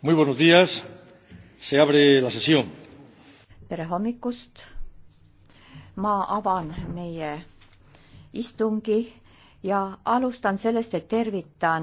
Muy buenos días. Se abre la sesión. tere hommikust. ma avan meie istungi ja alustan sellest, et tervitan